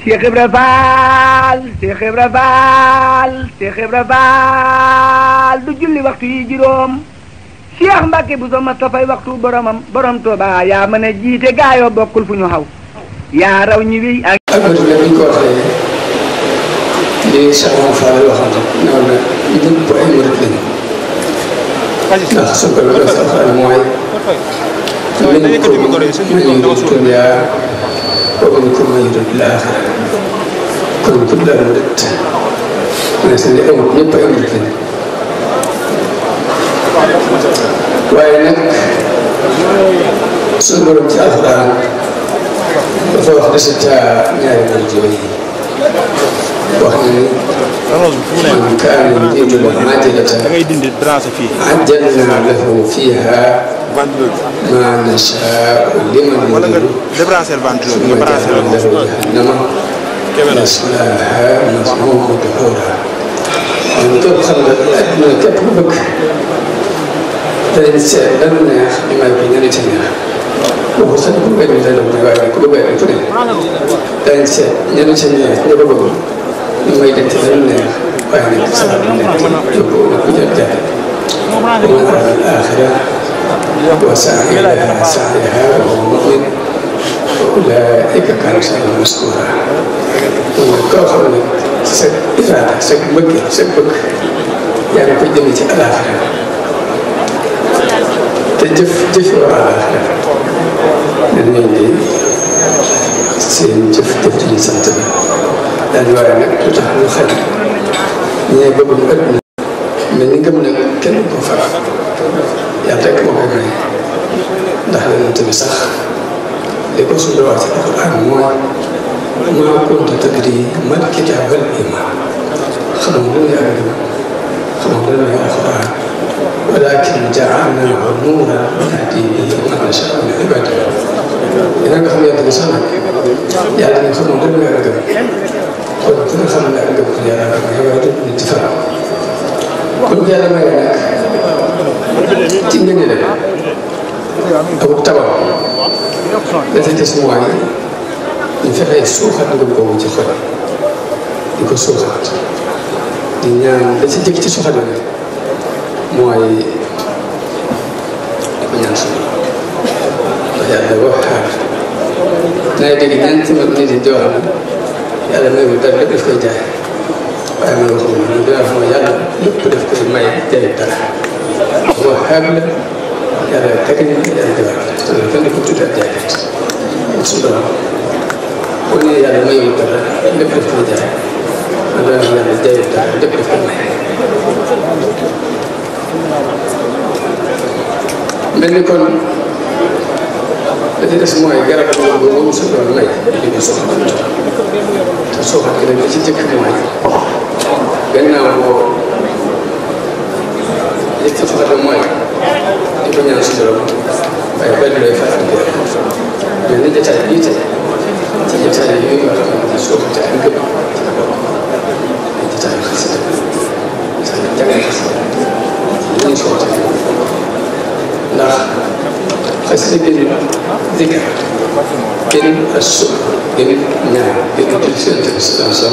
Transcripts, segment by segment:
Cheikh Ibra Faal Cheikh Ibra Faal Cheikh Ibra Faal du julli waxtu yi juróom Cheikh Mbacke bu soo ma tafay waxtu borom Touba yaa mën a jiite gaayoo bokkul fu ñu xaw yaa raw ñi wiy ak alhamdulilah bi ñu ko waxee li Cheikh Mame Fall waxoon noonu la ñëpp ay murit lañu ndax sa ko la sa mooy ومنكم من يريد الآخرة كنتم لا ردت ونسأل أمك نبقى أمك وإنك سنبرت أثرا وفوق لستا من الجوية وإن من كان يريد المعادلة عجلنا له فيها ventilo bi. maanaam saa wala nga débrancher ventilo bi nga brancher la ko. dama. kéeméer la waaw. waaw. waaw. waaw. وسائل سعيها ومضت أولئك كانوا سعيهم مذكورا وكفر إرادة سبك سبك يعني في الدنيا الآخرة تجف جف الآخرة لأن دي سين جف جف جلي سنتنا لأن وعينك تتحل الخير ñee bëgg mu ëpp mel ni gëm nag kenn ko faral يا بتاكل نحن نتمسخ يبص دلوقتي القرآن هو ما كنت تدري ما الكتاب والإيمان خلونا يا خلونا يا القرآن ولكن جعلنا نورا ونهدي به من نشاء من عبادنا إذا كفر يتمسخ يعني خلونا يا رجل قلت خلونا يا رجل يا رجل الاتفاق كل هذا يا يعنيك tingene ne abok tabax dafa des mu waaye ñu fexee suuxat ngëm boobu ci xol di ko suuxat di ñaan da ci jëkk ci suuxat bi mooy di ko ñaan suñu ndax yàlla wax xaar naa dégg ñaan ci wax yàlla may mu dara lépp daf koy jaay waaye man waxuma man dinaa xam yàlla lépp may jaay dara هو حامل يعني تجني الأدوات فأنا كنت تأدي وصدرها وأنا يعني ما يمتلك اللي بحث بداية أنا يعني الداية بتاعي اللي بحث من يكون الذي اسمه يقرأ بالغلوم وصدر الماء اللي بيصدر تسوق كده بيجي تكفي ماء قلنا هو este fue la muerte. Esto ya no se lo Pero bueno, le fue a Yo no te salí, te salí. Te salí, yo iba a la mano, su puta, en que no. Te salí, te salí. Te salí, te salí. Te salí, te salí. لا فالسجن ذكر كلمة السؤال كلمة نعم كلمة السنة السلام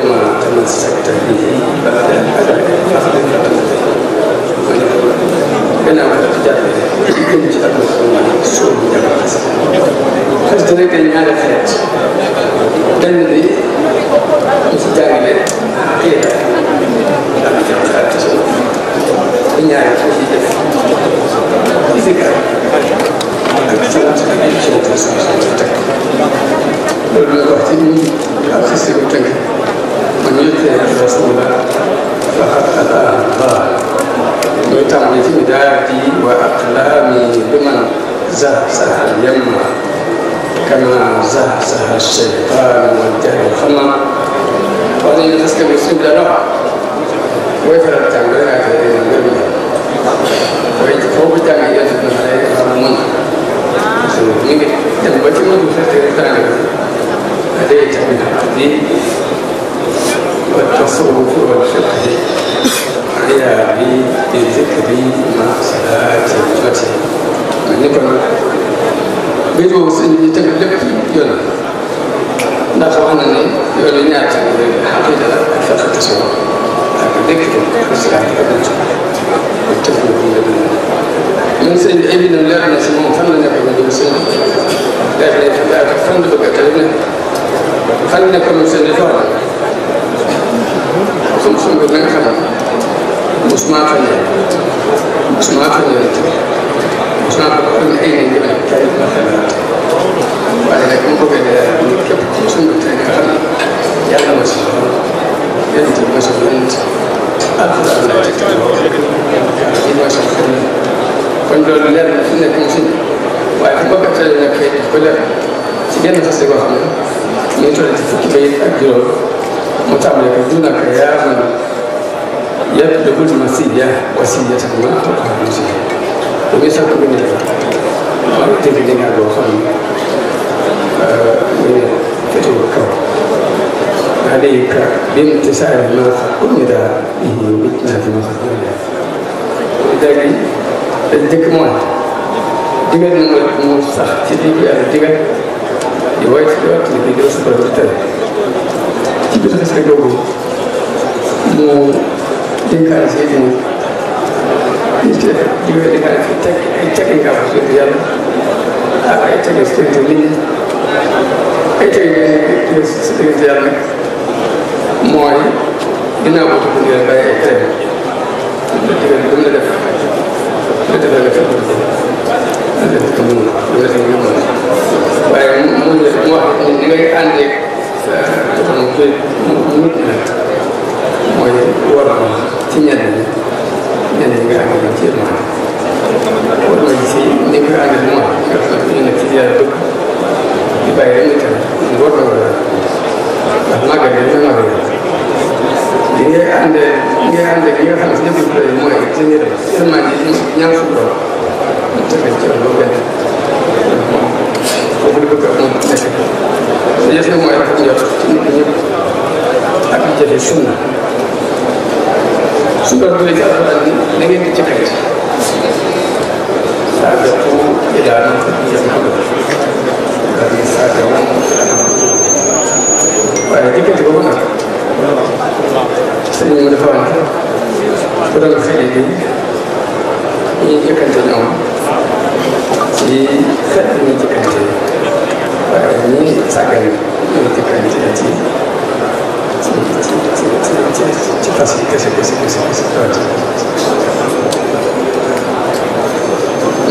tamassakta bihi سميت الرسول فقد هداه الله ويتعني في بدايتي وأقلامي بمن زهزه اليمنى كما زهزه الشيطان والجهل الخمر وهذه تسكن السبل نوع ويفرد عن بلاك الجميع ويتفوق تعمية ابن عليه الرمون من تنبتي من تنبتي من تنبتي هذه تعمية فاتصلوا في الخلق على بالذكر مع صلاة الفتح نقرأ بدو يتكلم يلا نقرأ أنني يقول لنا الحقيقة فقط تصور لكن ذكر الصلاة متفق من سيد ابن الله من سيد فنن ابن المسلم لكن فنن بقى كلمة فنن كم سنة Ik kom zo met mijn gedaan. بامتثال ما قد أمر به متنا في مصدر léegi dañ dëkk mooy digal na mu sax ci li yàlla digal di woy ci waat di doo sabab di tere ci biir xasida googu mu si yéen nit ki digal dénkaane fi teg ay tegin nga xam ne yàlla ak ay tegin si diggante nit ñi ay tegin nga xam ne mooy ginnaaw boo ko dundee bàyyi ay tere la digal lu la def la def la def la def ko mun la def nga mun waaye mun la mu wax ni ngay àndee mu koy mu nit la mooy war na ci ñenn ñi ñenn ñi nga àndee ci yërmaa war na si ni nga àndee mu wax nga xam ne ñu nekk ci yàlla dëkk di bàyyi rek ñu tere war na war a ndax màggal yi ñu ngay ànde ngay ànde li nga xam ne ñëpp la mooy ci ñu semaine yi ñaan su borom ci ci ci lu benn ko bu ko ko nekk ci yéss mooy rek ñu ci nit ñëpp ak ci jëfe sunna su ko defee ci alquran da ngeen ci fekk saagatu ila na ko ci xam da ni saagatu waaye dikkati ko nag sëñ bi dafa wax bu doon xale bi ñuy jëkkante ñoom ci xet ñuy jëkkante waaye ñuy sàggan ñuy jëkkante ci ci ci ci ci tas yi kese kese kese kese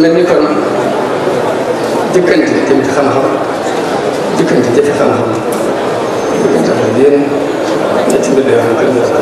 mel ni kon jëkkante tamit xam-xam jëkkante jafe xam-xam jëkkante ak yéen 대책에 대한 의견에서 그래서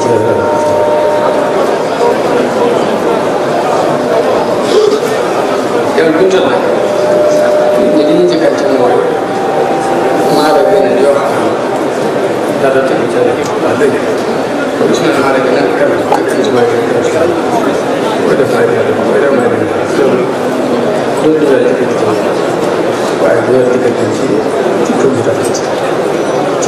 제가 열분잖아요. 이제 같은 거 말하기는 좀 나도 좀 이제 안 되겠다. 정신을 말하기는 그냥 그렇게 좀 말하기는 오히려 봐야 되는 거 이런 말이 그런 그런 줄 알지 그래서 와 이거 어떻게 지좀 이라든지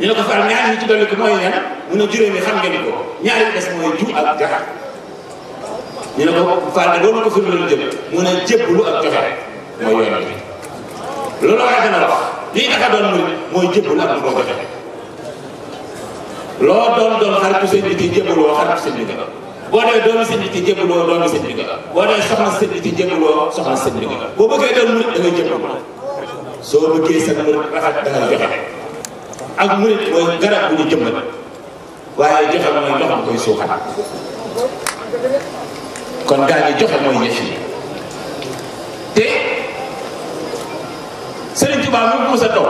ñu ne ko faal ñaari ñu ci dolli ko mooy ñan mu ne juróomi xam ngeen ko ñaari des mooy ju ak joxe ñu ne ko faal doon ko firndeel lu jëm mu ak joxe mooy yoon bi loolu waaye dana wax lii tax a doon mu mooy jébbalu ak mu ko joxe loo doon doon xaritu seen nit boo dee doomi seen nit yi soo bëggee sa murit rafet da ngay ak murit mooy garab bu ñu jëmbat waaye joxe mooy ndox mu koy suuxat kon gaa ñi joxe mooy yëf yi te Sëriñ Tuubaa mu mës a toog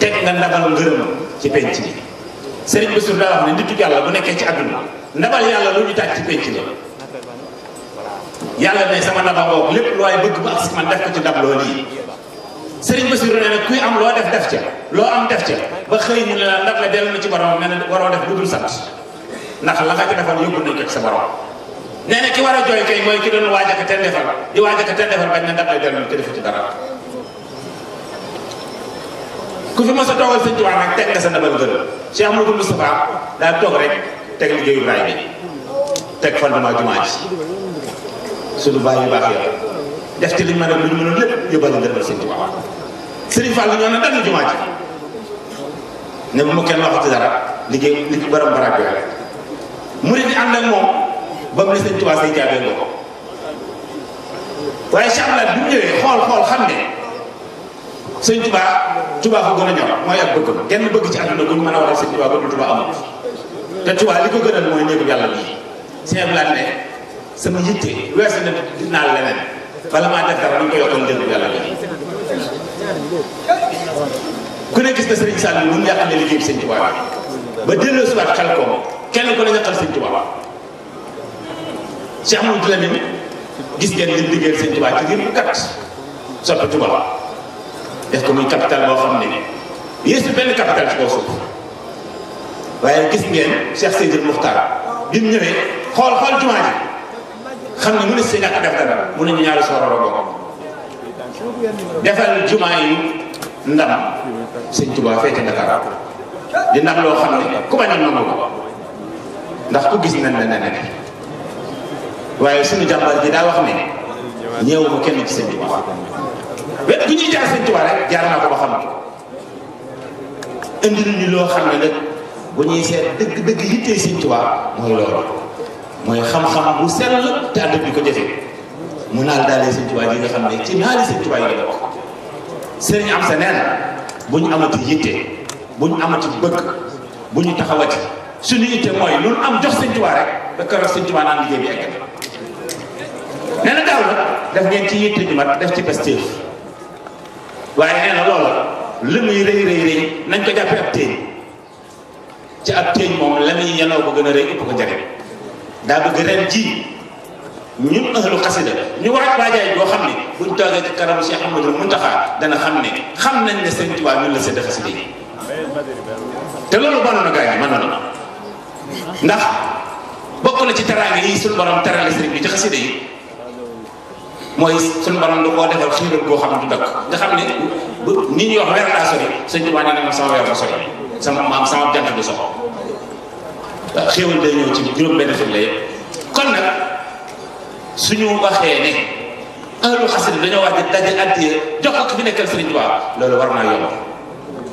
teg nga ndabal ngërëm ci penc bi sëriñ bi su daa wax ne nitu yàlla bu nekkee ci àdduna ndabal yàlla lu ñu taaj ci penc la yàlla ne sama ndaba ngoog lépp lu waaye bëgg bu ak si man ko ci ndab loolu yi Serigne Bassirou nee na kuy am loo def def ca loo am def ca ba xëy ñu ne la ndax la na ci borom nee na waroo def lu sant ndax la nga ci defal yóbbu nañ ko ci sa borom. ki war a jooy kay mooy ki doon waajaka ten defal di waajaka ten defal bañ na ndax la dellu na te ci dara ku fi mos a toogal sëñ Tuubaa nag teg nga sa ndabal gërëm Cheikh Amadou Moustapha daal toog rek teg liggéeyu raay bi teg fondement jumaa ji suñu bàyyi baax yow. def ci liñ mën a lu lepp yëpp yóbbal ngërëmal sëñ ci wax serigne Fall ñu na dem ci ji ne mu ma kenn waxati dara liggéey li borom barab bi rek murid di ak mom ba mu ne sëñ Tuubaa say jaabee ko waye Cheikh bi bu ñëwee xol xol xam ne sëñ touba touba ko gëna ñor moy ak bëgg kenn bëgg ci àdduna bu ñu mën a waral sëñ Tuubaa ba te touba li ko gënal moy neegu yalla bi cheikh Ablaye ne sama yitté weesu na dina leneen bala maa def dara dama ko yokkal njëriñ yàlla ku ne gis na Serigne Sall lu mu yàqale liggéeyu Serigne Touba ba delloo si waat xel ko kenn ku ne nga xam Serigne Touba Cheikh Mouhamadou Lamine gis ngeen li mu liggéeyal ko muy capital boo xam ne yéesu benn capital ci kaw suuf waaye gis ngeen Cheikh Seydil Moukhtar bi mu ñëwee xool xool jumaa xam ne mu ne si ñàkk a def dara mu ne ñu ñaari soororo bokk defal juma yi ndam sëñ Tuubaa feete Dakar di ndam loo xam ne ku bañ a nangu ndax ku gis nañ la ne waaye suñu jàmbar ji daa wax ne ñëw kenn ci sëñ Tuubaa wet bu ñuy jaar sëñ Tuubaa rek jaar naa ko ba xam indil ñu loo xam ne nag bu ñuy seet dëgg dëgg yittee sëñ Tuubaa mooy loolu mooy xam-xam bu sell te bi ko jëfe mu naal daalee sëñ bi nga xam ne ci naali sëñ Tuubaa yi la am sa neen bu ñu amati yitte bu ñu amati bëgg bu ñu taxawati suñu yitte mooy lu am jox sëñ Tuubaa rek ba keroog sëñ Tuubaa naan liggéey bi egg nee na def ngeen ci yitte ju mat def ci pastéef waaye nee na loolu li muy rëy rëy nañ ko jàppee ab téeñ ci ab téeñ moom la muy yenoo gën a rëy ëpp ko jafe daa bëgg ren ji ñun ahlu xasida ñu waaj waajaay boo xam ne buñ toogee ci kanamu Cheikh Amadou Muntaxa dana xam ne xam nañ ne Sëriñ Tuubaa ñun la sedd xasida yi te loolu mënoon a gaañ mënoon na ndax bokk ci teraanga yi suñu borom terale bi ci xasida yi mooy suñu borom du koo defal xiiral boo xam du dëkk nga xam ne bu nit wax weer laa sori Sëriñ Tuubaa nee na ma sama weer ma sori sama maam sama jant du soxla waaw xéwal day ñëw ci juróom-benn fi la kon nag suñu waxee ne ahlu xasida dañoo wax ne daje addiya jox ko fi nekkal Serigne Touba loolu war naa yomb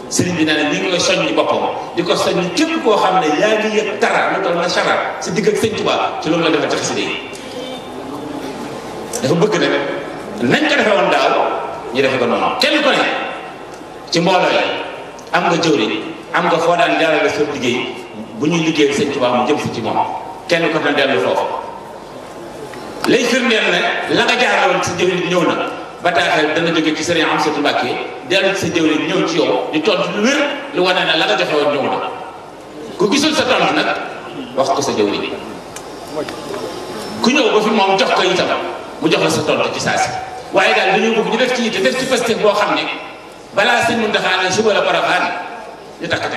Serigne bi na ñu ngi koy boppam di ko soññi képp koo xam ne yaa ngi yëg dara lu si digg ak Serigne Touba ci loolu la defee ci yi dafa bëgg nag nañ ko defee woon ñu defe ko noonu kenn ku ne ci mbooloo yi am nga jëwriñ am nga foo daan jaarale sa liggéey. bu ñuy liggéey sëñ Tuubaa mu jëm si ci moom kenn ko na dellu foofu lay firndeel ne la nga jaaroon si jëwriñ ñëw na bataaxel dana jóge ci sëriñ Amsatu Mbàkke dellu si jëwriñ ñëw ci yow di tontu lu wér lu wane ne la nga joxe woon ñëw na ku gisul sa tontu nag wax ko sa jëwriñ ku ñëw ba fi moom jox ko itam mu jox la sa tontu ci saa si waaye daal dañoo bëgg ñu def ci yitte def ci feste boo xam ne balaa sëñ Muntaxa ne suba la par ñu takk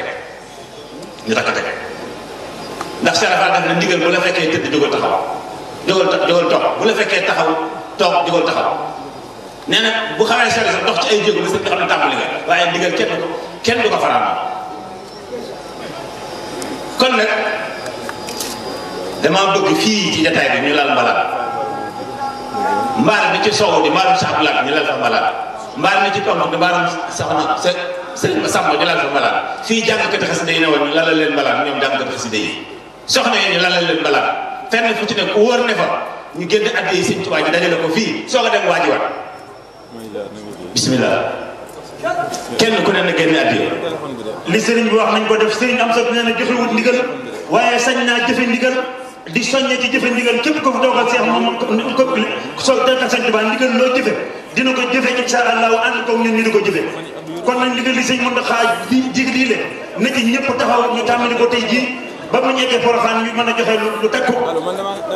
ndax serafal def na ndigal bu la fekkee tëdd jógal taxaw jógal ta jógal toog bu la fekkee taxaw toog jógal taxaw nee na bu xawee sori sa dox ci ay jéego bi sax nga xam ne tàmbali waaye ndigal kenn kenn du ko faraama kon nag damaa bëgg fii ci jataay bi ñu laal mbalaan mbaar bi ci soow di mbaarum sax laat ñu laal fa mbalaan mbaar bi ci tomb di mbaarum saxna sa sëriñ sàmm ñu laal fa mbalaan fii jàngkati yi ne woon ñu lalal leen mbalaan ñoom jàngkati xasida yi soxna yi ñu lalal leen balaa fenn fu ci ne ku wóor ne fa ñu génn adde yi sëñ Tuubaa dajale ko fii soog a dem waa ji bismillah kenn ku ne na génn adde li sëriñ bi wax nañ ko def sëriñ am sot nee na jëfewut ndigal waaye sañ naa jëfe ndigal di soññe ci képp ko fi doogal seex moom ko soog tegal sëñ Tuubaa ndigal loo jëfe dina ko jëfe insha allahu ànd koog ñun ñu di ko jëfe kon nañ ndigal li sëñ mën da xaaj bi jig lii le na ci taxaw ñu tàmmali ko tey jii ba mu ñettee Porokhane ñu mën a joxe lu takku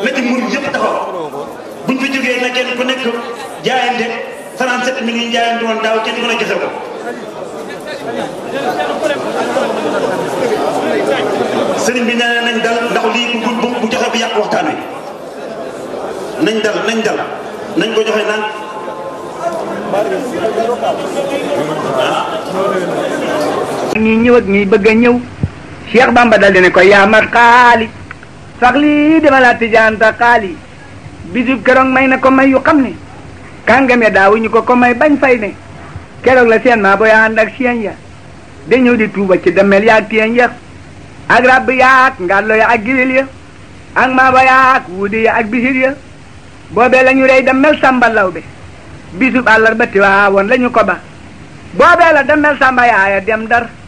la ci murid yëpp taxaw buñ fi jógee na kenn ku nekk jaayante 37 millions jaayante woon daaw kenn mën a joxe ko. sëriñ bi nee nañ dal ndax lii bu bu joxe bi yàq waxtaan wi nañ dal nañ dal nañ ko joxe naan. ñi ñëw ak ñi bëgg a ñëw. Cheikh Bamba dal dene ko yaa mat xaali sax lii dama laa tijaanta xaali bisub keroog may na ko may yu xam ne kàngame daawuñu ko ko may bañ fay ne keroog la seen maa booy ànd ak seen ya dañëw di tuuba ci demel yaag téen ya ak rab yaak ngàllo ya ak giwél ya ak maaba yaak wuudi ya ak bisir ya boobee la ñu rey demel sàmba law be bisub àllarba tiwaawoon la ñu ko ba boobee la demel sàmba yaaya dem dar